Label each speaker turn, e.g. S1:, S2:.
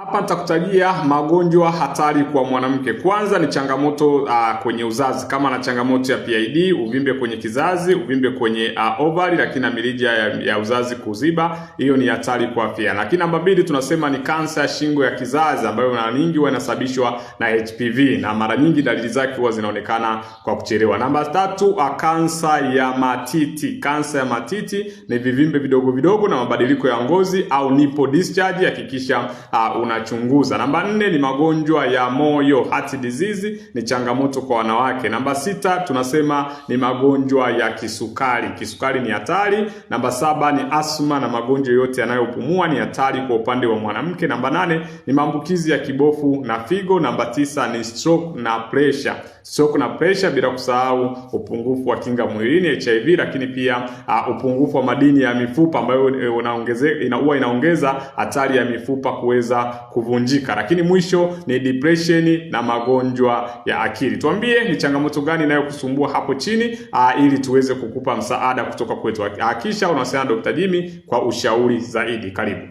S1: Hapa nitakutajia magonjwa hatari kwa mwanamke. Kwanza ni changamoto uh, kwenye uzazi, kama na changamoto ya PID, uvimbe kwenye kizazi, uvimbe kwenye uh, ovary, lakini na mirija ya, ya uzazi kuziba, hiyo ni hatari kwa afya. Lakini namba mbili tunasema ni kansa ya shingo ya kizazi ambayo mara nyingi huwa inasababishwa na HPV na mara nyingi dalili zake huwa zinaonekana kwa kuchelewa. Namba tatu uh, kansa ya matiti. Kansa ya matiti ni vivimbe vidogo vidogo na mabadiliko ya ngozi au nipple discharge. Hakikisha uh, unachunguza. Namba nne ni magonjwa ya moyo, heart disease, ni changamoto kwa wanawake. Namba sita tunasema ni magonjwa ya kisukari, kisukari ni hatari. Namba saba ni asma na magonjwa yote yanayopumua ni hatari kwa upande wa mwanamke. Namba nane ni maambukizi ya kibofu na figo. Namba tisa ni stroke na pressure, stroke na pressure, bila kusahau upungufu wa kinga mwilini HIV, lakini pia uh, upungufu wa madini ya mifupa ambayo eh, inaongeza hatari ya mifupa kuweza kuvunjika, lakini mwisho ni depression na magonjwa ya akili. Tuambie ni changamoto gani inayokusumbua hapo chini aa, ah, ili tuweze kukupa msaada kutoka kwetu. Hakisha unawasiliana na Dr. Jimmy kwa ushauri zaidi. Karibu.